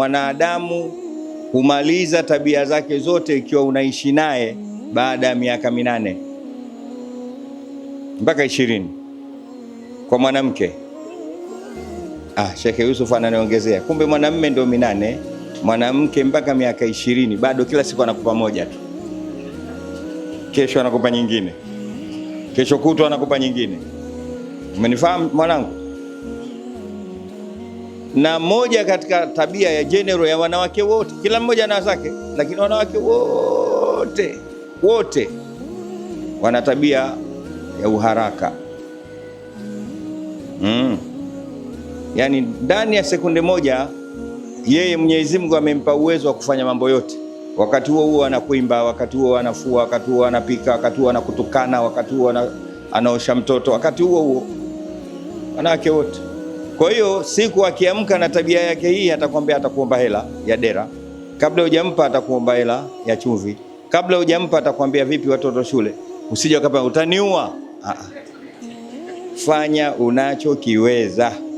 mwanadamu humaliza tabia zake zote ikiwa unaishi naye baada ya miaka minane mpaka ishirini kwa mwanamke. Ah, Shekhe Yusuf ananiongezea, kumbe mwanamme ndio minane, mwanamke mpaka miaka ishirini bado kila siku anakupa moja tu, kesho anakupa nyingine, kesho kutwa anakupa nyingine. Umenifahamu mwanangu? na moja katika tabia ya general ya wanawake wote, kila mmoja na zake, lakini wanawake wote wote wana tabia ya uharaka mm. Yaani, ndani ya sekunde moja yeye Mwenyezi Mungu amempa uwezo wa kufanya mambo yote. Wakati huo huo anakuimba, wakati huo anafua, wakati huo anapika, wakati huo anakutukana, wakati huo anaosha mtoto, wakati huo huo wanawake wote kwa hiyo siku akiamka na tabia yake hii, atakwambia atakuomba hela ya dera, kabla hujampa atakuomba hela ya chumvi, kabla hujampa atakwambia vipi watoto shule, usije utaniua. Ah, ah. Fanya unachokiweza.